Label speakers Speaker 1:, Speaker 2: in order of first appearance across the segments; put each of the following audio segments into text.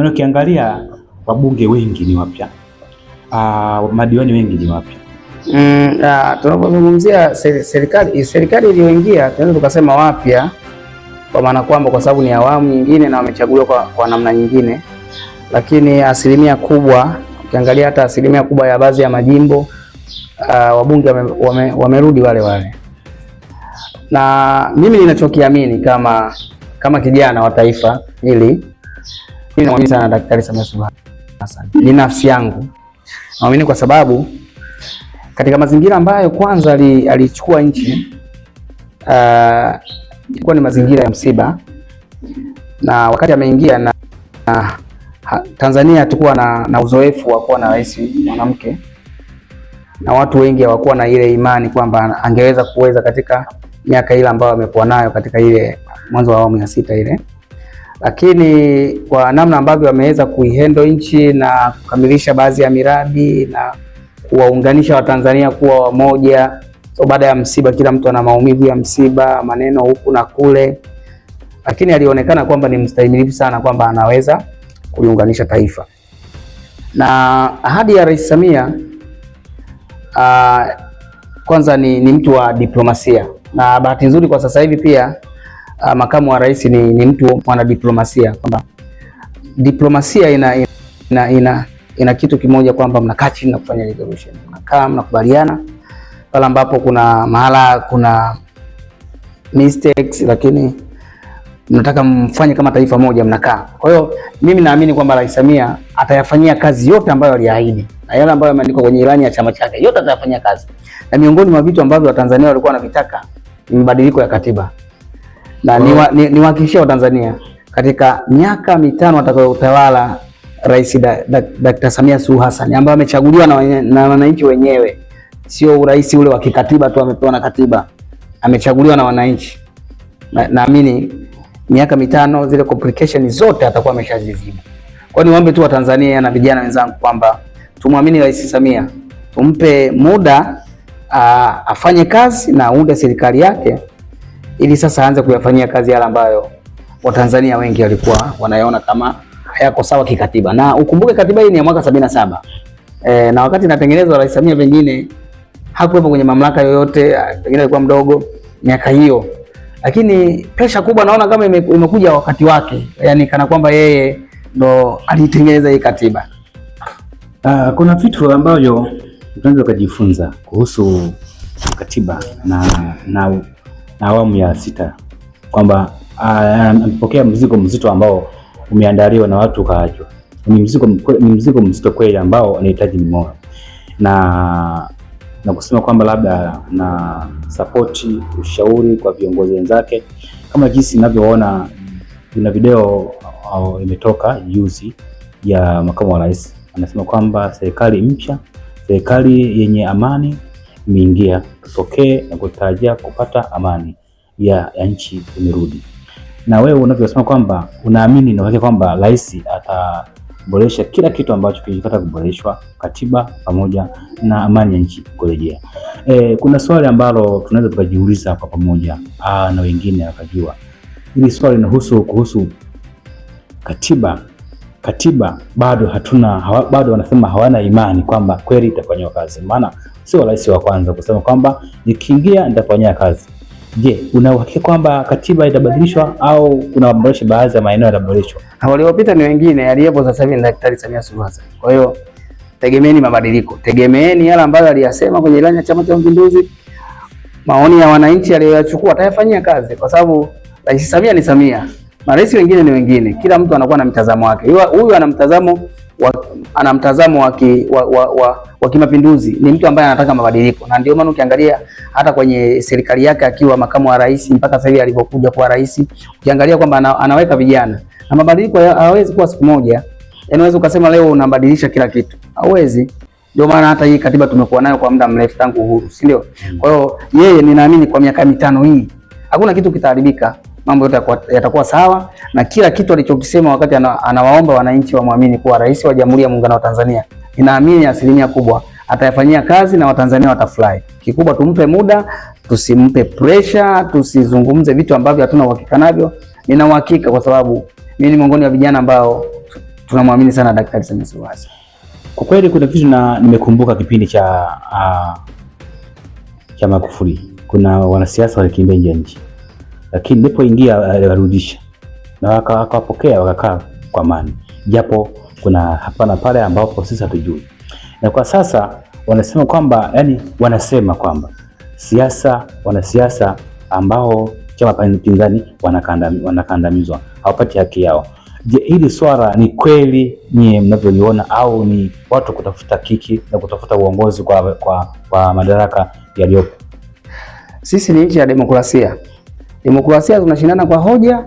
Speaker 1: Maana ukiangalia wabunge wengi ni wapya, uh, madiwani wengi ni wapya.
Speaker 2: Mm, uh, tunapozungumzia serikali serikali iliyoingia tunaweza tukasema wapya kwa maana kwamba kwa sababu ni awamu nyingine na wamechaguliwa kwa, kwa namna nyingine, lakini asilimia kubwa ukiangalia hata asilimia kubwa ya baadhi ya majimbo uh, wabunge wamerudi wame, wame wale wale, na mimi ninachokiamini kama kama kijana wa taifa hili mimi naamini sana Daktari Samia Suluhu Hassan, ni nafsi yangu naamini, kwa sababu katika mazingira ambayo kwanza alichukua nchi uh, ilikuwa uh, ni mazingira ya msiba, na wakati ameingia na, na Tanzania hatukuwa na, na uzoefu wa kuwa na rais mwanamke na watu wengi hawakuwa na ile imani kwamba angeweza kuweza katika miaka ile ambayo amekuwa nayo katika ile mwanzo wa awamu ya sita ile lakini kwa namna ambavyo wameweza kuihendo nchi na kukamilisha baadhi ya miradi na kuwaunganisha Watanzania kuwa wamoja. So baada ya msiba, kila mtu ana maumivu ya msiba, maneno huku na kule, lakini alionekana kwamba ni mstahimilivu sana, kwamba anaweza kuliunganisha taifa na ahadi ya Rais Samia. Uh, kwanza ni, ni mtu wa diplomasia na bahati nzuri kwa sasa hivi pia uh, makamu wa rais ni, ni mtu mwanadiplomasia, kwamba diplomasia ina, ina, ina, ina kitu kimoja kwamba mnakaa chini na kufanya resolution, mnakaa mnakubaliana pale ambapo kuna mahala kuna mistakes, lakini mnataka mfanye kama taifa moja, mnakaa. Kwa hiyo mimi naamini kwamba Rais Samia atayafanyia kazi yote ambayo aliahidi na yale ambayo yameandikwa kwenye ilani ya chama chake, yote atayafanyia kazi, na miongoni mwa vitu ambavyo Watanzania walikuwa wanavitaka ni mabadiliko ya katiba na niwahakikishia Watanzania katika miaka mitano atakayotawala Rais Dr. Samia Suluhu Hassan ambaye amechaguliwa na wananchi wenyewe, sio urais ule wa kikatiba tu amepewa na katiba, amechaguliwa na wananchi. Naamini miaka mitano zile complication zote atakuwa ameshazizima. Kwa hiyo niombe tu Watanzania na vijana wenzangu kwamba tumwamini Rais Samia, tumpe muda a, afanye kazi na aunde serikali yake ili sasa aanze kuyafanyia kazi yale ambayo Watanzania wengi walikuwa wanayaona kama hayako sawa kikatiba. Na ukumbuke katiba hii ni ya mwaka sabini na saba e, na wakati inatengenezwa Rais Samia pengine hakuwepo kwenye mamlaka yoyote, pengine alikuwa mdogo miaka hiyo, lakini presha kubwa naona kama imekuja wakati wake, yani kana kwamba yeye ndo alitengeneza hii katiba.
Speaker 1: Uh, kuna vitu ambavyo tunaweza kujifunza kuhusu katiba na, na na awamu ya sita kwamba ah, anapokea mzigo mzito ambao umeandaliwa na watu kaachwa. Ni mzigo ni mzigo mzito kweli ambao anahitaji mimoyo na na kusema kwamba labda na sapoti ushauri kwa viongozi wenzake, kama jinsi ninavyoona kuna video ah, imetoka juzi ya makamu wa rais anasema kwamba serikali mpya, serikali yenye amani imeingia, tutokee na kutarajia kupata amani ya, ya nchi imerudi. Na wewe unavyosema kwamba unaamini na uhakika kwamba rais ataboresha kila kitu ambacho kilikata kuboreshwa, katiba pamoja na amani ya nchi kurejea. E, kuna swali ambalo tunaweza tukajiuliza kwa pamoja na wengine wakajua, hili swali linahusu kuhusu katiba katiba bado hatuna hawa, bado wanasema hawana imani kwamba kweli itafanywa kazi, maana sio rais wa kwanza kusema kwamba nikiingia nitafanyia kazi. Je, una uhakika kwamba katiba itabadilishwa au kuna maboresho, baadhi ya maeneo yatabadilishwa?
Speaker 2: Waliopita ni wengine, aliyepo sasa hivi ni Daktari Samia Suluhu Hassan. Kwa hiyo tegemeeni mabadiliko, tegemeeni yale ambayo aliyasema kwenye ilani ya Chama cha Mapinduzi, maoni ya wananchi aliyoyachukua atayafanyia kazi, kwa sababu Rais Samia ni Samia, marais wengine ni wengine, kila mtu anakuwa na mtazamo wake. Huyu ana mtazamo ana mtazamo wa, wa, wa, wa, wa kimapinduzi. Ni mtu ambaye anataka mabadiliko, na ndio maana ukiangalia hata kwenye serikali yake akiwa makamu wa rais mpaka sasa hivi alipokuja kuwa rais, ukiangalia kwamba anaweka vijana na mabadiliko hawezi kuwa siku moja. Yaani unaweza ukasema leo unabadilisha kila kitu, hawezi. Ndio maana hata hii katiba tumekuwa nayo kwa muda mrefu tangu uhuru, si ndio? Kwa hiyo yeye, ninaamini kwa miaka mitano hii hakuna kitu kitaharibika mambo yote yatakuwa sawa na kila kitu alichokisema wakati anawaomba wananchi wamwamini kuwa rais wa Jamhuri ya Muungano wa Tanzania, ninaamini asilimia kubwa atayafanyia kazi na Watanzania watafurahi. Kikubwa tumpe muda, tusimpe pressure, tusizungumze vitu ambavyo hatuna uhakika navyo. Nina uhakika kwa sababu mimi ni miongoni wa vijana ambao tunamwamini sana Daktari Samia Suluhu Hassan.
Speaker 1: Kwa kweli kuna vitu na nimekumbuka kipindi cha uh, cha Magufuli kuna wanasiasa walikimbia nje nchi lakini nilipoingia eh, alirudisha na wakawapokea wakakaa kwa amani, japo kuna hapana pale ambapo sisi hatujui. Na kwa sasa wanasema kwamba yani, wanasema kwamba siasa, wanasiasa ambao chama pinzani wanakandamizwa, hawapati haki yao. Je, hili swala ni kweli nyie mnavyoliona, au ni watu kutafuta kiki na kutafuta uongozi kwa, kwa, kwa madaraka yaliyopo?
Speaker 2: Sisi ni nchi ya demokrasia Demokrasia tunashindana kwa hoja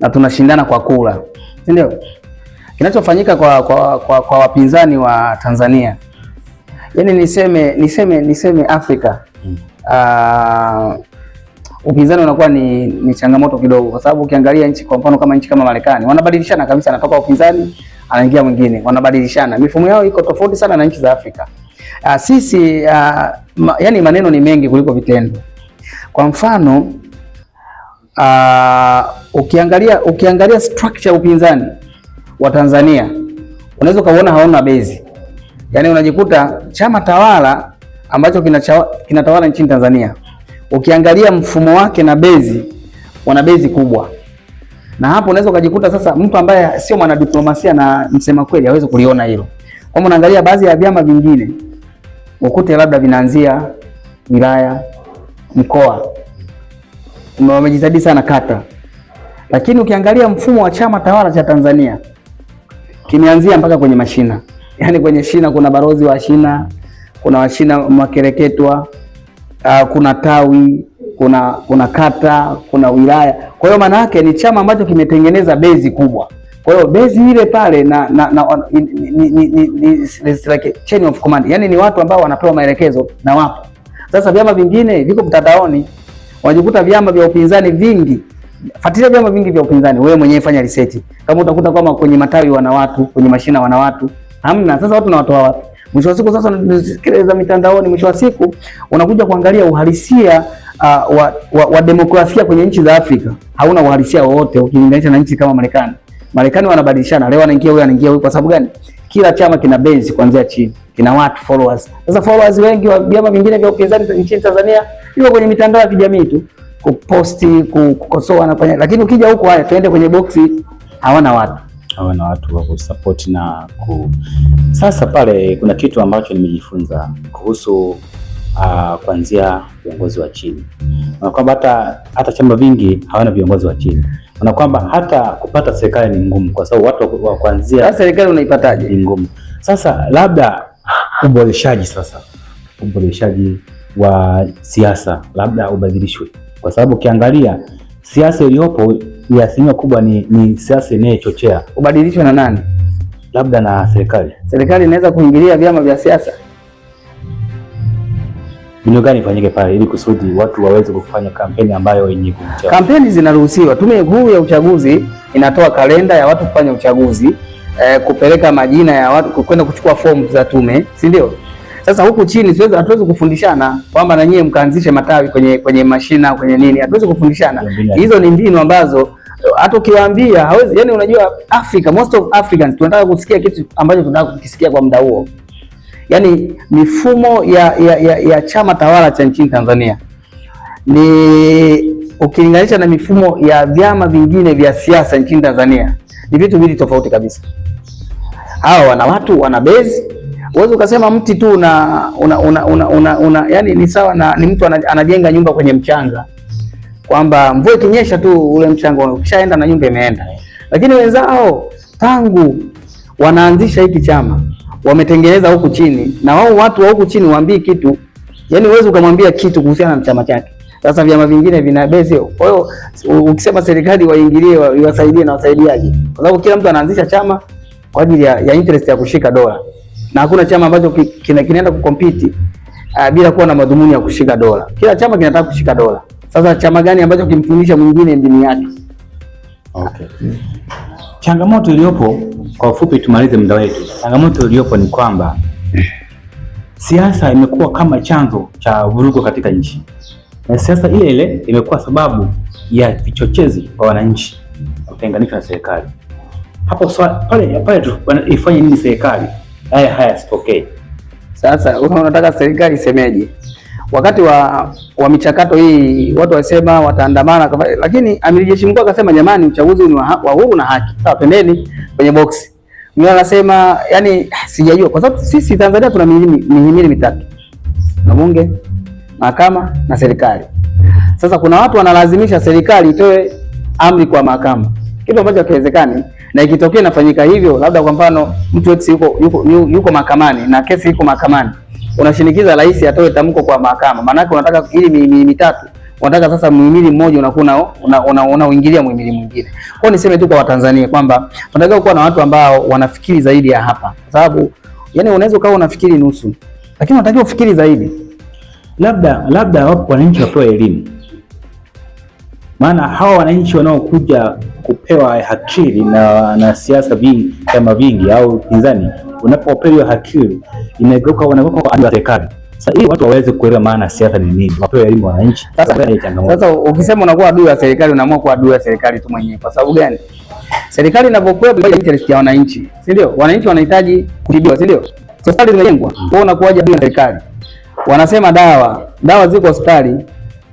Speaker 2: na tunashindana kwa kula, si ndio? Kinachofanyika kwa, kwa, kwa, kwa wapinzani wa Tanzania, yaani niseme niseme niseme Afrika mm. Uh, upinzani unakuwa ni, ni changamoto kidogo, kwa sababu ukiangalia nchi kwa mfano kama nchi kama Marekani wanabadilishana kabisa, anatoka upinzani anaingia mwingine, wanabadilishana. Mifumo yao iko tofauti sana na nchi za Afrika. Uh, sisi uh, ma, yani maneno ni mengi kuliko vitendo. Kwa mfano uh, ukiangalia ukiangalia structure upinzani wa Tanzania unaweza ukaona haona bezi yaani unajikuta chama tawala ambacho kinatawala nchini Tanzania ukiangalia mfumo wake na bezi, wana bezi kubwa, na hapo unaweza ukajikuta sasa, mtu ambaye sio mwanadiplomasia na msema kweli hawezi kuliona hilo, kwa maana unaangalia baadhi ya vyama vingine ukute labda vinaanzia wilaya, mkoa wamejitahidi sana kata, lakini ukiangalia mfumo wa chama tawala cha Tanzania kimeanzia mpaka kwenye mashina, yaani kwenye shina kuna barozi wa shina, kuna washina mwakereketwa, uh, ah, kuna tawi, kuna kuna kata, kuna wilaya. Kwa hiyo maana yake ni chama ambacho kimetengeneza bezi kubwa. Kwa hiyo bezi ile pale na, na, na ni, ni, ni, ni, ni, like chain of command, yaani ni watu ambao wanapewa maelekezo na wapo. Sasa vyama vingine viko mtandaoni unajikuta vyama vya upinzani vingi. Fuatilia vyama vingi vya upinzani, wewe mwenyewe fanya research. Kama utakuta kwamba kwenye matawi wana watu, kwenye mashina wana watu, hamna. Sasa watu na watu wapi? Mwisho wa siku sasa unasikiliza mitandaoni, mwisho wa siku unakuja kuangalia uhalisia uh, wa, wa, wa demokrasia kwenye nchi za Afrika hauna uhalisia wowote ukilinganisha na nchi kama Marekani. Marekani wanabadilishana, leo anaingia huyu, anaingia huyu. Kwa sababu gani? Kila chama kina base kuanzia chini, kina watu followers. Sasa followers wengi wa vyama vingine vya upinzani nchini Tanzania iwe kwenye mitandao ya kijamii tu kuposti, kukosoa na kufanya, lakini ukija huko, haya tuende kwenye boksi, hawana watu
Speaker 1: hawana watu wa kusupport na ku. Sasa pale kuna kitu ambacho nimejifunza kuhusu uh, kuanzia viongozi wa chini na kwamba hata hata chama vingi hawana viongozi wa chini na kwamba hata kupata serikali ni ngumu, kwa sababu watu wa kuanzia.
Speaker 2: Sasa serikali unaipataje?
Speaker 1: Ni ngumu. Sasa labda uboreshaji, sasa uboreshaji wa siasa labda ubadilishwe, kwa sababu ukiangalia siasa iliyopo ya asilimia kubwa ni, ni siasa inayochochea.
Speaker 2: Ubadilishwe na nani?
Speaker 1: Labda na serikali.
Speaker 2: Serikali inaweza kuingilia vyama vya siasa.
Speaker 1: Mbinu gani ifanyike pale ili kusudi watu waweze kufanya kampeni ambayo yenye kumcha?
Speaker 2: Kampeni zinaruhusiwa. Tume Huru ya Uchaguzi inatoa kalenda ya watu kufanya uchaguzi eh, kupeleka majina ya watu kwenda kuchukua fomu za tume, si ndio? Sasa huku chini siwezi, hatuwezi kufundishana kwamba na nyie mkaanzishe matawi kwenye kwenye mashina kwenye nini, hatuwezi kufundishana hizo. Ni mbinu ambazo eh, hata ukiwaambia hawezi. Yani unajua Africa, most of Africans tunataka kusikia kitu ambacho tunataka kukisikia kwa muda huo. Yani mifumo ya, ya, ya, ya chama tawala cha nchini Tanzania ni ukilinganisha na mifumo ya vyama vingine vya siasa nchini Tanzania ni vitu vili tofauti kabisa. Hawa wana watu wana base Uwezi ukasema mti tu una, una, una, una, una, una yani ni sawa na ni mtu anajenga nyumba kwenye mchanga kwamba mvua ikinyesha tu ule mchanga ukishaenda na nyumba imeenda. Lakini wenzao tangu wanaanzisha hiki chama wametengeneza huku chini, na wao watu wa huku chini waambii kitu, yani uwezi ukamwambia kitu kuhusiana na chama chake. Sasa vyama vingine vina base hiyo. Kwa hiyo ukisema serikali waingilie, iwasaidie na wasaidiaje? Kwa sababu kila mtu anaanzisha chama kwa ajili ya, ya interest ya kushika dola na hakuna chama ambacho kinaenda kukompiti uh, ah, bila kuwa na madhumuni ya kushika dola. Kila chama kinataka kushika dola. Sasa chama gani ambacho kimfundisha mwingine dini yake?
Speaker 1: Okay. Changamoto iliyopo kwa ufupi, tumalize muda wetu. Changamoto iliyopo ni kwamba siasa imekuwa kama chanzo cha vurugu katika nchi, na siasa ile ile imekuwa sababu ya vichochezi kwa wananchi kutenganishwa na serikali. Hapo pale pale ifanye nini serikali? haya eh, eh, haya
Speaker 2: Sasa unataka serikali isemeje? Wakati wa wa michakato hii watu wasema wataandamana, lakini amiri jeshi mkuu akasema jamani, uchaguzi ni wa huru na haki. Sawa, pendeni kwenye boksi. Mimi anasema yani, ah, sijajua kwa sababu sisi Tanzania tuna mihimili mitatu na bunge, mahakama na serikali. Sasa kuna watu wanalazimisha serikali itoe amri kwa mahakama, kitu ambacho hakiwezekani na ikitokea inafanyika hivyo, labda kwa mfano mtu ex yuko, yuko, yuko yuko mahakamani na kesi iko mahakamani, unashinikiza rais atoe tamko kwa mahakama, maanake unataka ili mihimili mitatu unataka sasa muhimili mmoja unakuwa una, una, una muhimili mwingine. Kwa niseme tu kwa Watanzania kwamba tunataka kuwa na watu ambao wanafikiri zaidi ya hapa, kwa sababu yani unaweza ukawa unafikiri nusu, lakini unatakiwa ufikiri zaidi.
Speaker 1: Labda labda wapo wananchi wapewe elimu maana hawa wananchi wanaokuja kupewa hakili na, na siasa vingi vyama vingi au pinzani, unapopewa hakili inageuka wanageuka kwa serikali. Sasa ili watu waweze kuelewa maana siasa ni nini, wapewe elimu wananchi.
Speaker 2: Sasa kwa changamoto, sasa ukisema unakuwa adui ya serikali, unaamua kuwa adui ya serikali tu mwenyewe. Kwa sababu gani? Serikali inapokuwa bila interest ya wananchi, si ndio? Wananchi wanahitaji kutibiwa, si ndio? Hospitali zimejengwa, mm. wewe unakuwaje adui ya serikali? Wanasema dawa dawa ziko hospitali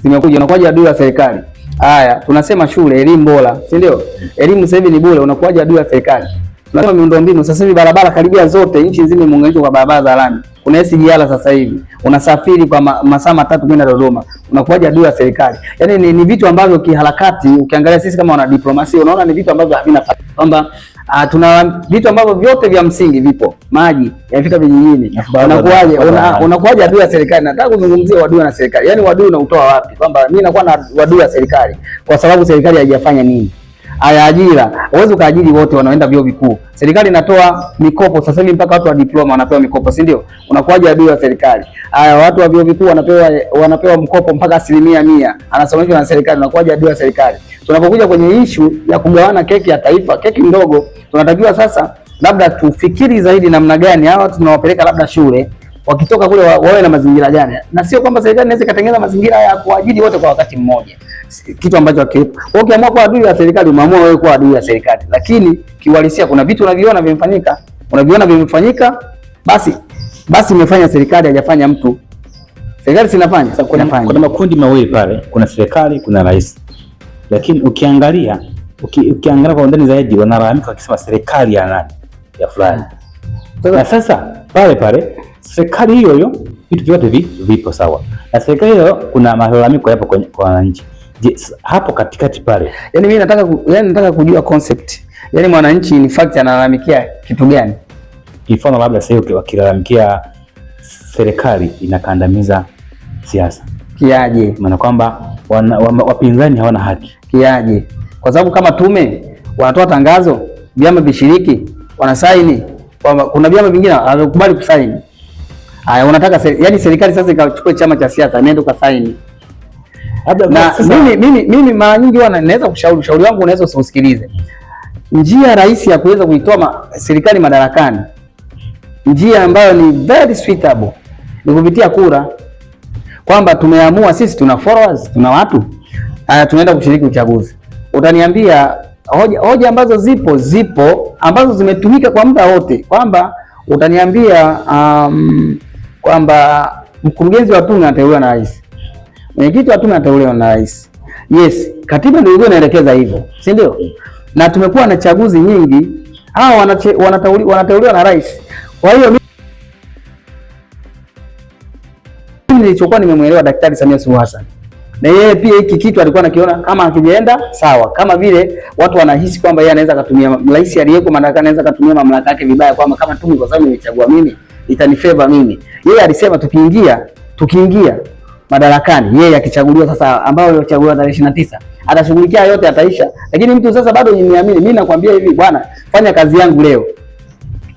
Speaker 2: zimekuja, unakuwaje adui ya serikali? Haya, tunasema shule, elimu bora, si ndio? Mm. Elimu sasa hivi ni bure, unakuwaje adui ya serikali? Tunasema miundombinu, sasa hivi barabara karibia zote nchi nzima imeunganishwa kwa barabara za lami. Kuna SGR sasa hivi, unasafiri kwa ma, masaa matatu kwenda Dodoma, unakuwaje adui ya serikali? Yaani ni, ni vitu ambavyo kiharakati ukiangalia sisi kama diplomasia unaona ni vitu ambavyo havina kwamba Ah, tuna vitu ambavyo vyote vya msingi vipo, maji yanafika vijijini. Unakuaje, unakuaje adui ya serikali? Nataka kuzungumzia wadui na serikali, yaani wadui unautoa wapi? Kwamba mimi nakuwa na wadui ya serikali kwa sababu serikali haijafanya nini Aya, ajira uwezi ukaajiri wote wanaoenda vyuo vikuu. Serikali inatoa mikopo sasa hivi mpaka watu wa diploma wanapewa mikopo, si ndio? Unakuwaje adui wa serikali? Aya, watu wa vyuo vikuu wanapewa wanapewa mkopo mpaka asilimia mia, anasomeshwa na serikali. Unakuwaje adui wa serikali? tunapokuja kwenye ishu ya kugawana keki ya taifa, keki ndogo, tunatakiwa sasa labda tufikiri zaidi namna gani hawa tunawapeleka labda shule wakitoka kule wawe na mazingira gani, na sio kwamba serikali inaweza ikatengeneza mazingira ya kuajiri wote kwa wakati mmoja, kitu ambacho hakipo. Wewe ukiamua kuwa adui ya serikali, umeamua wewe kuwa adui ya serikali, lakini kiuhalisia kuna vitu unaviona vimefanyika, unaviona vimefanyika, basi basi imefanya serikali, hajafanya mtu. Serikali sinafanya. Sasa kuna
Speaker 1: makundi mawili pale, kuna serikali, kuna rais lakini ukiangalia uki, ukiangalia kwa undani zaidi wanalalamika wakisema serikali ya nani ya fulani. Na sasa pale pale serikali hiyo hiyo vitu vyote vi, vipo sawa. Na serikali hiyo kuna malalamiko yapo kwa wananchi. Yes, hapo katikati pale.
Speaker 2: Yaani mimi nataka yani nataka kujua concept. Yaani mwananchi in fact analalamikia kitu gani?
Speaker 1: Mfano labda sasa hiyo wakilalamikia serikali inakandamiza siasa. Kiaje? Maana kwamba wana, wapinzani hawana haki
Speaker 2: kiaje? Kwa sababu kama tume wanatoa tangazo, vyama vishiriki wanasaini, kuna vyama vingine havikubali kusaini. Haya, unataka seri, yani serikali sasa ikachukua chama cha siasa nenda ukasaini. Na mimi mimi mimi mara nyingi huwa naweza kushauri, ushauri wangu unaweza usiusikilize. Njia rahisi ya kuweza kuitoa ma, serikali madarakani, njia ambayo ni very suitable ni kupitia kura kwamba tumeamua sisi tuna followers, tuna watu uh, tunaenda kushiriki uchaguzi. Utaniambia hoja, hoja ambazo zipo zipo ambazo zimetumika kwa muda wote, kwamba utaniambia um, kwamba mkurugenzi wa tume anateuliwa na rais, mwenyekiti wa tume anateuliwa na rais. Yes, katiba ndio ilikuwa inaelekeza hivyo, si ndio? Na tumekuwa na chaguzi nyingi, hao wanateuliwa wanateuliwa na rais, kwa hiyo nilichokuwa nimemwelewa Daktari Samia Suluhu Hassan, na yeye pia hiki kitu alikuwa anakiona kama hakijaenda sawa, kama vile watu wanahisi kwamba yeye anaweza kutumia rais aliyeko mamlaka, anaweza kutumia mamlaka yake vibaya, kwamba kama tumi kwa sababu nimechagua mimi itanifeva mimi. Yeye alisema tukiingia tukiingia madarakani yeye akichaguliwa sasa, ambao alichaguliwa tarehe 29 atashughulikia yote, ataisha. Lakini mtu sasa bado niamini, mimi nakwambia hivi bwana, fanya kazi yangu leo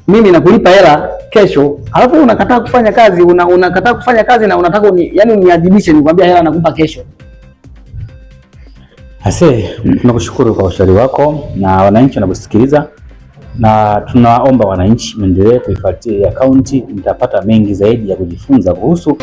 Speaker 2: mimi nakulipa hela kesho, alafu unakataa kufanya kazi, unakataa una kufanya kazi na unataka ni, yani uniadhibishe, nikwambia hela nakupa kesho.
Speaker 1: Ase, mm-hmm. tunakushukuru kwa ushauri wako na wananchi wanakusikiliza, na tunaomba wananchi mwendelee kuifuatilia akaunti, mtapata mengi zaidi ya kujifunza kuhusu